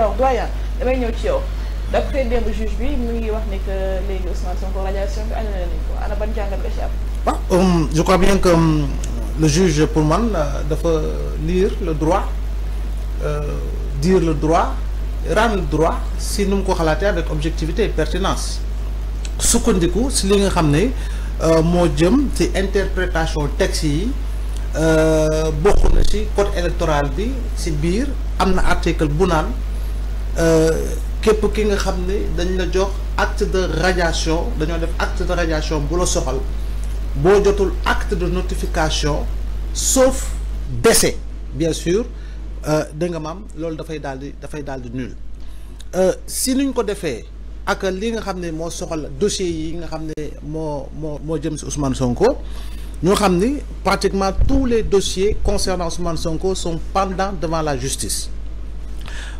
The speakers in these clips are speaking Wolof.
alors doyen damay ñëw ci yow d'après démb juge bi mu ngi wax ni que léegi Ousmane Sonko radiation bi annulé nañ ko ana ban jàngat nga ci am. waaw hum, je crois bien que um, le juge pour man euh, dafa lire le droit euh, dire le droit rendre le droit si nous ko xalaatee avec objectivité et pertinence sukkandiku si li nga xamné ne euh, moo jëm ci interprétation texte yi. Euh, bokk na ci code électoral bi ci bir amna article bu naan euh, képp ki nga xam ne dañ la jox acte de radiation dañoo def acte de radiation bu la soxal boo jotul acte de notification sauf décès bien sûr euh, da nga maam loolu dafay daal di dafay daal di nul euh, si nuñ ko defee ak li nga xam ne moo soxal dossier yi nga xam ne moo moo moo jëm si Ousmane Sonko ñu xam ni pratiquement tous les dossiers concernant Ousmane Sonko sont pendants devant la justice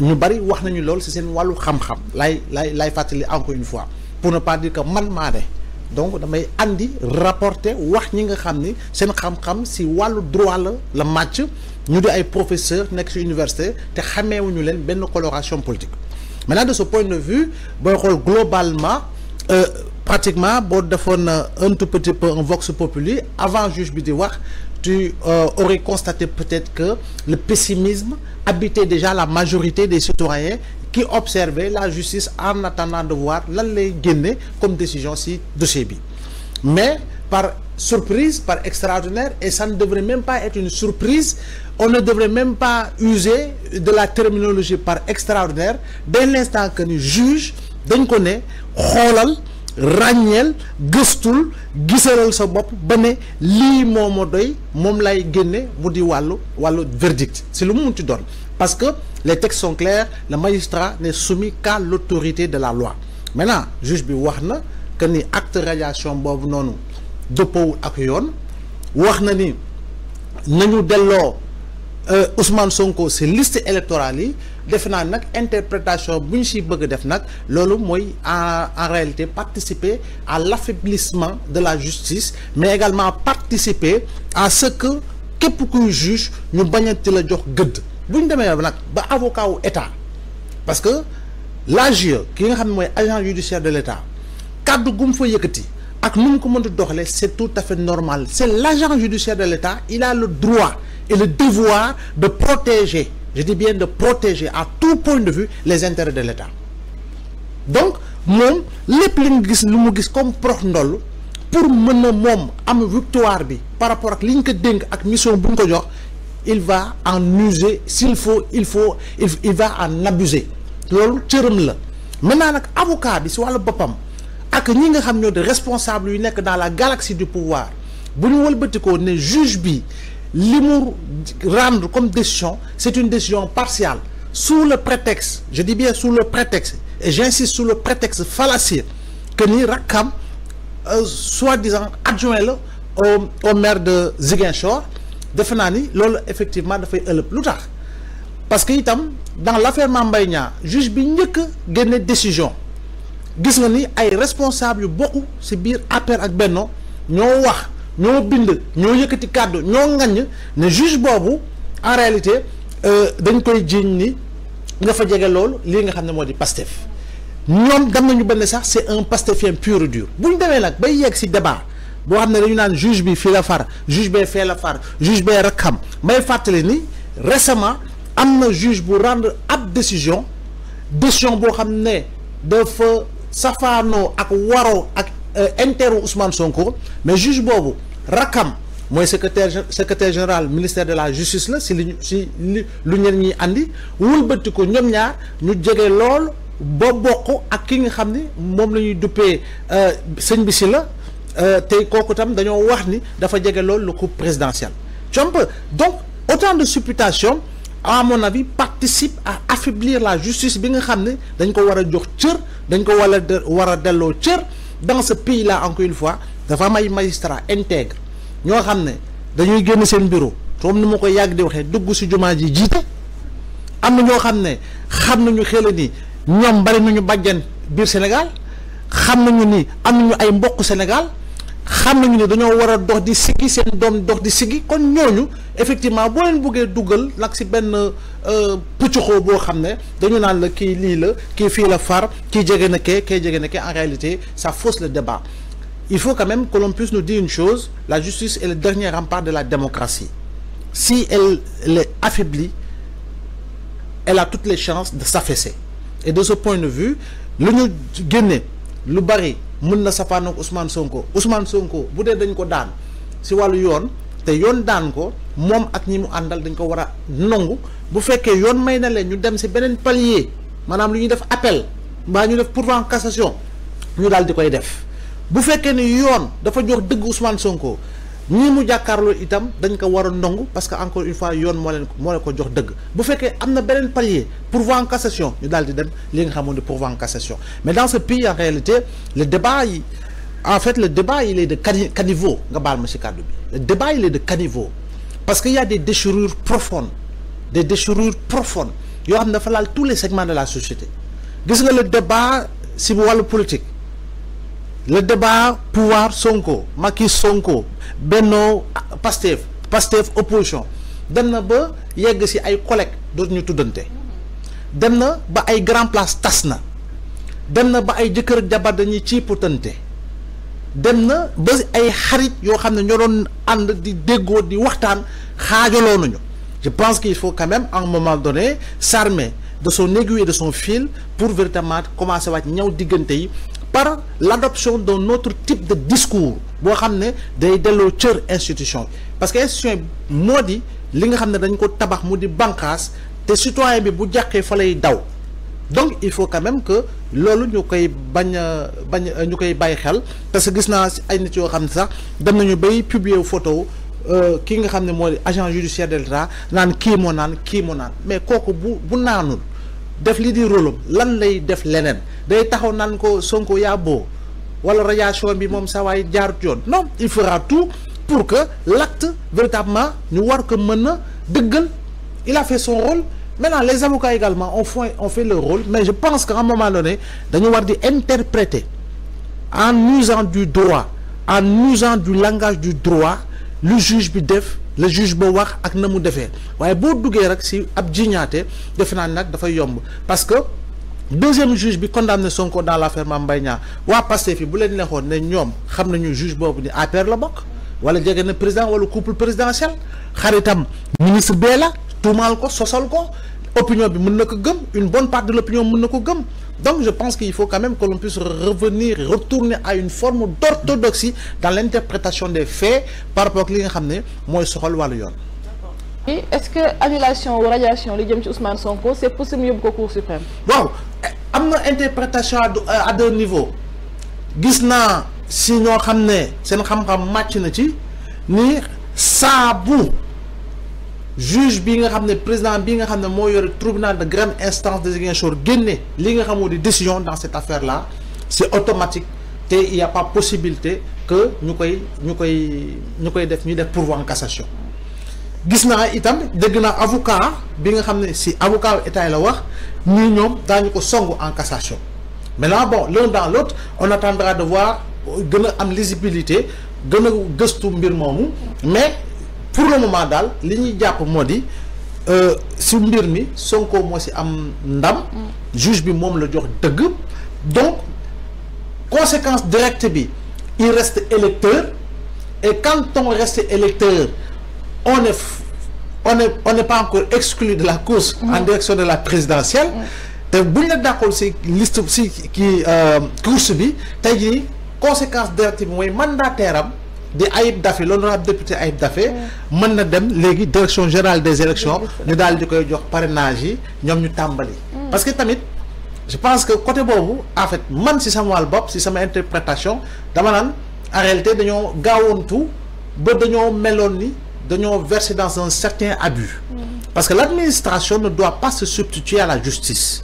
Nous bari wax nañu lool ci seen walu xam-xam lay lay lay encore une fois pour ne pas dire que man maa donc damay andi rapporter wax ñi nga xamni ni seen xam-xam ci walu droit le match nous, ñu di ay professeur nek ci université xamé wuñu len benn coloration politique maintenant de ce point de vue globalement euh, pratiquement devons faire un tout petit peu un vox populi avant juge bi di wax tu euh, aurais constaté peut-être que le pessimisme habitait déjà la majorité des citoyens qui observaient la justice en attendant de voir l'aller gagner comme décision si de bi mais par surprise par extraordinaire et ça ne devrait même pas être une surprise on ne devrait même pas user de la terminologie par extraordinaire dès l'instant que nous juge dès qu'on est, Raniel, gëstul gisalal sa bop ba ne li momo doy mom lay Walo, verdict C'est le monde qui parce que les textes sont clairs le magistrat n'est soumis qu'à l'autorité de la loi maintenant juge bi waxna que ni acte radiation boobu nonou dëppoowul ak yone waxna euh, Ousmane Sonko c'est liste électorale yi defe interprétation buñ ci bëgg def en réalité participer à l'affaiblissement de la justice mais également participer à ce que képp kuy juge ñu bañati la jox gëdd buñ ñu nak ba avocat ou état parce que l'agent, qui nga xam agent judiciaire de l'état cadre il fa yëkëti ak nu ko mënd doxlé c'est tout à fait normal c'est l'agent judiciaire de l'état il a le droit et le devoir de protéger, je dis bien de protéger à tout point de vue les intérêts de l'État. Donc, mon, les li nga comme prof pour mener un am victoire par rapport à li et ko mission de il va en user s'il faut il faut il va en abuser Donc... la maintenant nag avocat bi si l'avocat... ak dans la galaxie du pouvoir si ñu wëlbatikoo L'humour rendre comme décision c'est une décision partielle sous le prétexte je dis bien sous le prétexte et j'insiste sur le prétexte fallacieux que ni avons, euh, soi-disant adjoint au maire de Ziguinchor de fait, ni effectivement fait le plus tard. parce que itam dans l'affaire Mame le juge bi njëkk a une décision gis nga ni responsable beaucoup de ci biir APR ak Benno ñoo ñoo bind ñoo yëkkati kàddu ñoo ngagn ne juge bobu en réalité euh, dañ koy ni nga fa nga pastef nañu sax c'est un pastefien pur et dur nous des bay yegg ci débat bo xamné dañu juge bi fi la far juge bee fait la far juge en may récemment juge bu rendre ab décision décision bo xamné nous ak waro ak euh, interro Ousmane Sonko mais juge rakam moi, secrétaire secrétaire général ministère de la justice là, si l'union si lu ñeen ñi andi wëlbati ko ñoom ñaar ñu jege lool ba bokk ak ki nga xam ni moom la ñuy euh, sëñ bi si la euh, tey kooku tam dañoo wax ni dafa jege lool le coup présidentiel comp donc autant de supputation à mon avis participe à affaiblir la justice bi nga xam ne dañ ko war jox cër dañ ko war a dans ce pays là encore une fois dafa avons magistrat intègre avons dit que, dañuy avons seen bureau comme ma koy yàgg di waxee dugg si que am ne ni ñoom bari nañu que Sénégal ni am ay Sénégal xam ni dañoo war dox di siggi seen doom dox di kon effectivement boo leen bëggee euh, dañu le la kii le que la far kii jege en réalité ça fausse le débat il faut quand même que l'on puisse nous dire une chose, la justice est le dernier rempart de la démocratie. Si elle, elle est affaiblie, elle a toutes les chances de s'affaisser. Et de ce point de vue, le ñu génne lu bari mën Safanok Ousmane Sonko Ousmane Sonko bu dañ ko daan si wàllu yoon te Yon daan ko moom ak ñi mu andal dañ ko war a nangu bu fekkee c'est may na ñu palier madame lu ñuy def appel mbaa ñu def en cassation ñu daal di koy bu fekké ne yoon dafa jox deug Ousmane Sonko ni mu jakarlo itam dañ ko wara ndongu parce que encore une fois yoon mo len mo le ko jox deug bu fekké amna benen beneen palier voir en cassation ñu daal di dem li nga xamone pour voir en cassation mais dans ce pays en réalité le débat yi en fait le débat il est de caniveau nga bal ma ci bi le débat il est de caniveau parce qu'il y a des déchirures profondes des déchirures profondes yo xamna ne laal tous les segments de la société gis nga le débat si wàllu politique le débat pouvoir Sonko Macky Sonko beno, Pastef Pastef opposition Demna na ba yegg ci ay collègues dootuñu tuddante dem na ba ay grand place tasna. Demna na ba ay jëkkër ak jabar dañuy ci potante Demna na ba ay xarit yo xam ñoo doon and di déggo di waxtaan xaajaloo nañu je pense qu'il faut quand même à un moment donné s'armer de son aiguille et de son fil pour véritablement commencer à ñëw diggante yi l'adoption d'un autre type de discours pour xamné ne day institution parce que institution li nga dañ ko tabax modi té citoyen bi bu daw donc il faut quand même que l'on ñu bañ bañ parce que gis n'est ay une yo sax nañu photo euh, ki agent judiciaire de l'État mon qui mais def li di rôle lan lay def leneen day taxaw nan ko Sonko yaa wala radiation bi mom sa non il fera tout pour que l'acte véritablement nous voir que maintenant il a fait son rôle maintenant les avocats également ont fait ont fait leur rôle mais je pense qu'à un moment donné dañu war di interpréter en usant du droit en usant du langage du droit le juge bi def le juge bo wax ak na defé waye bo duggé rek si ab jiñaate defe nak da fay yomb parce que deuxième juge bi condamné Sonko dans l'affaire Mame Mbaye Niang waa Pastef bu len neexoon né ñom xam nañu juge bobu ni APR la bok wala djégué né président wala couple présidentiel xaritam ministre bé la tuumaal ko sosal ko opinion une bonne part de l'opinion donc je pense qu'il faut quand même que l'on puisse revenir retourner à une forme d'orthodoxie dans l'interprétation des faits par rapport à ce que xam ne mooy est-ce que annulation ou radiation li jëm ci Ousmane Sonko c'est possible yóbbu ko Cour suprême. non am interprétation à deux niveaux gis si nous xam xam-xam na ci ni sabou juge bi nga président bi nga xamné mo tribunal de grande instance de Ziguinchor guenné li nga xamou di décision dans cette affaire là c'est automatique té il y a pas possibilité que nous koy ñu def ñu def pourvoi en cassation gis na itam deug na avocat bi nga xamné si avocat état la wax ñii ñom ko songu en cassation maintenant bon l'un dans l'autre on attendra de voir une am lisibilité une a gëstu mbir momu mais pour le moment les li ñuy japp dit euh si mbir mi Sonko mo ci am ndam mm. juge bi mom la jox donc conséquence directe bi il reste électeur et quand on reste électeur on est on n'est pas encore exclu de la course mm. en direction de la présidentielle mm. te buñ la si liste qui euh course bi tay conséquence directe bi mandataire des Ayib l'honorable député Ayib dafé mën na dem légui direction générale des élections ñu dal di koy jox parrainage yi ñu parce que tamit je pense que côté en fait man si sama wal bopp si sama interprétation dama nan en réalité dañoo tout, ba dañoo meloon ni verser dans un certain abus parce que l'administration ne doit pas se substituer à la justice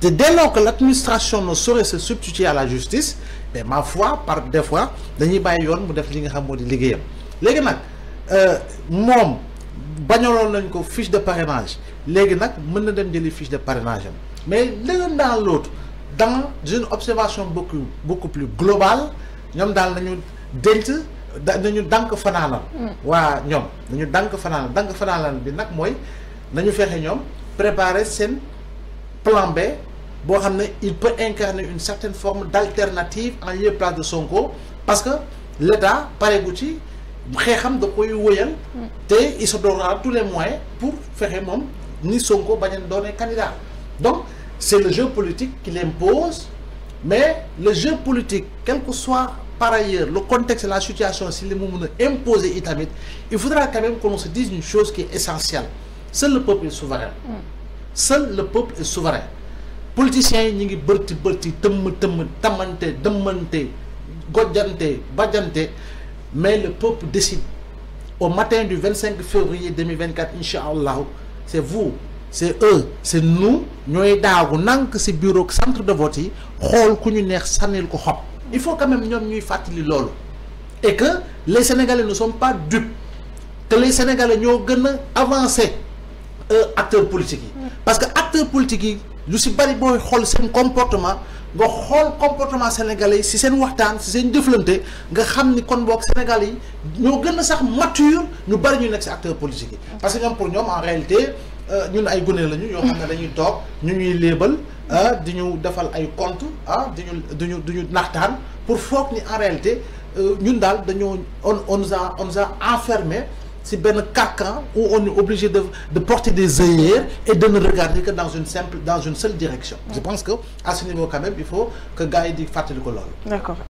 dès lors que l'administration ne saurait se substituer à la justice mais ma foi par des fois dañuy baye yone mu def li nga xam modi nak euh mom de parrainage les nak mën na dem des fiche de parrainage mais l'un dans l'autre dans une observation beaucoup beaucoup plus globale ñom dal nañu denc nañu DANK FANALAN, mm. wa ñom nañu dank fanalan dank fanalan bi nak moy nañu nous ñom préparer sen plan B il peut incarner une certaine forme d'alternative en lieu place de Sonko parce que l'État par exemple, mm. il se donnera tous les moyens pour un monde, ni Sonko ni donner candidat donc c'est le jeu politique qui l'impose mais le jeu politique quel que soit par ailleurs le contexte et la situation si les monde imposent il faudra quand même qu'on se dise une chose qui est essentielle seul le peuple est souverain mm. seul le peuple est souverain politiciens ñi ngi bërti bërti teum teum tamante demanté gojjante bajante mais le peuple décide au matin du 25 février 2024 inshallah c'est vous c'est eux c'est nous ñoy daagu nank si bureau centre de vote yi ku ñu neex ko il faut quand même ñom ñuy fatali loolu et que les sénégalais ne sont pas dupes que les sénégalais ñoo gëna avancer avancé euh, acteurs politiques mm. parce que acteurs politiques lu si bari booy xool seen comportement nga xool comportement sénégalais yi si seen waxtaan si seen jëflante nga xam ni kon boog sénégalais yi ñoo gën a sax mature ñu bari ñu nekk si acteur politiques yi. parce que pour ñoom en réalité euh, ñun ay gone lañu. yoo xam ne dañuy toog ñu ñuy léebal ah, di ñu defal ay compte ah di ñu di ñu di ñu naxtaan pour foog ni en réalité euh, ñun daal dañoo on on nous a on nous enfermé. C'est ben caca où on est obligé de, porter des œillères et de ne regarder que dans une simple dans une seule direction. Je pense que à ce niveau quand même il faut que Gaïdi fasse le D'accord.